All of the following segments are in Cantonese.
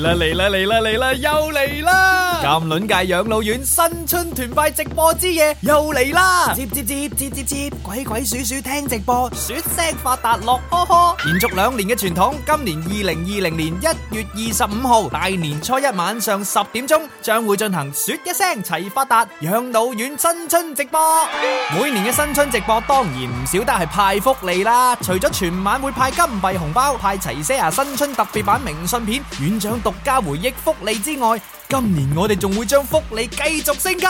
嚟啦嚟啦嚟啦嚟啦又嚟啦！尷卵尬養腦院新春團拜直播之夜又嚟啦！接接接接接接鬼鬼鼠鼠聽直播，鼠聲發達樂，呵呵！延續兩年嘅傳統，今年二零二零年一月二十五號，大年初一晚上十點鐘，將會進行鼠一聲齊發達養腦院新春直播。Yeah! 每年嘅新春直播當然唔少得係派福利啦，除咗全晚會派金幣紅包、派齊些牙新春特別版明信片、院長獨。加回憶福利之外，今年我哋仲會將福利繼續升級，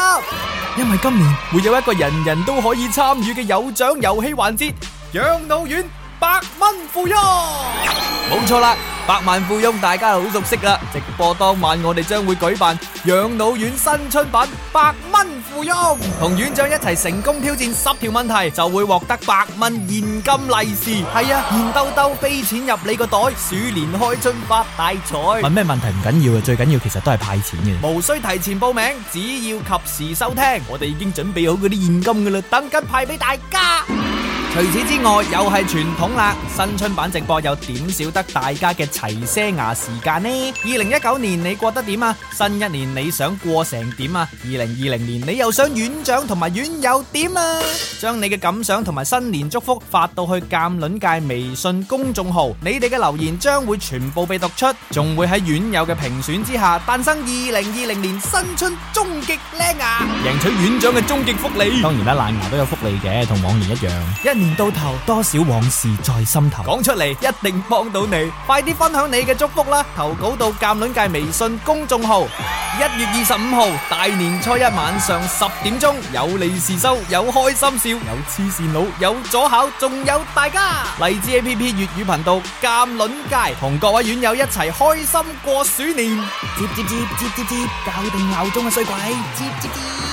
因為今年會有一個人人都可以參與嘅有獎遊戲環節——養腦院百蚊富翁，冇錯啦。百萬富翁，大家好熟悉啦！直播當晚，我哋將會舉辦養腦院新春版百蚊富翁，同院長一齊成功挑戰十條問題，就會獲得百蚊現金利是。係啊，現兜兜飛錢入你個袋，鼠年開春發大財。問咩問題唔緊要嘅，最緊要其實都係派錢嘅。無需提前報名，只要及時收聽，我哋已經準備好嗰啲現金噶啦，等緊派俾大家。除此之外，又係傳統啦！新春版直播又點少得大家嘅齊些牙時間呢？二零一九年你過得點啊？新一年你想過成點啊？二零二零年你又想院長同埋院友點啊？將你嘅感想同埋新年祝福發到去尷卵尬微信公眾號，你哋嘅留言將會全部被讀出，仲會喺院友嘅評選之下誕生二零二零年新春終極靚牙，贏取院長嘅終極福利。當然啦，爛、啊、牙都有福利嘅，同往年一樣。年到頭，多少往事在心頭。講出嚟，一定幫到你。快啲分享你嘅祝福啦！投稿到尷卵尬微信公眾號。一月二十五號大年初一晚上十點鐘，有利是收，有開心笑，有黐綫佬，有左考，仲有大家。荔枝 A P P 粵語頻道尷卵尬，同各位院友一齊開心過鼠年。接接接接接接，教定鬧鐘嘅衰鬼。接接接。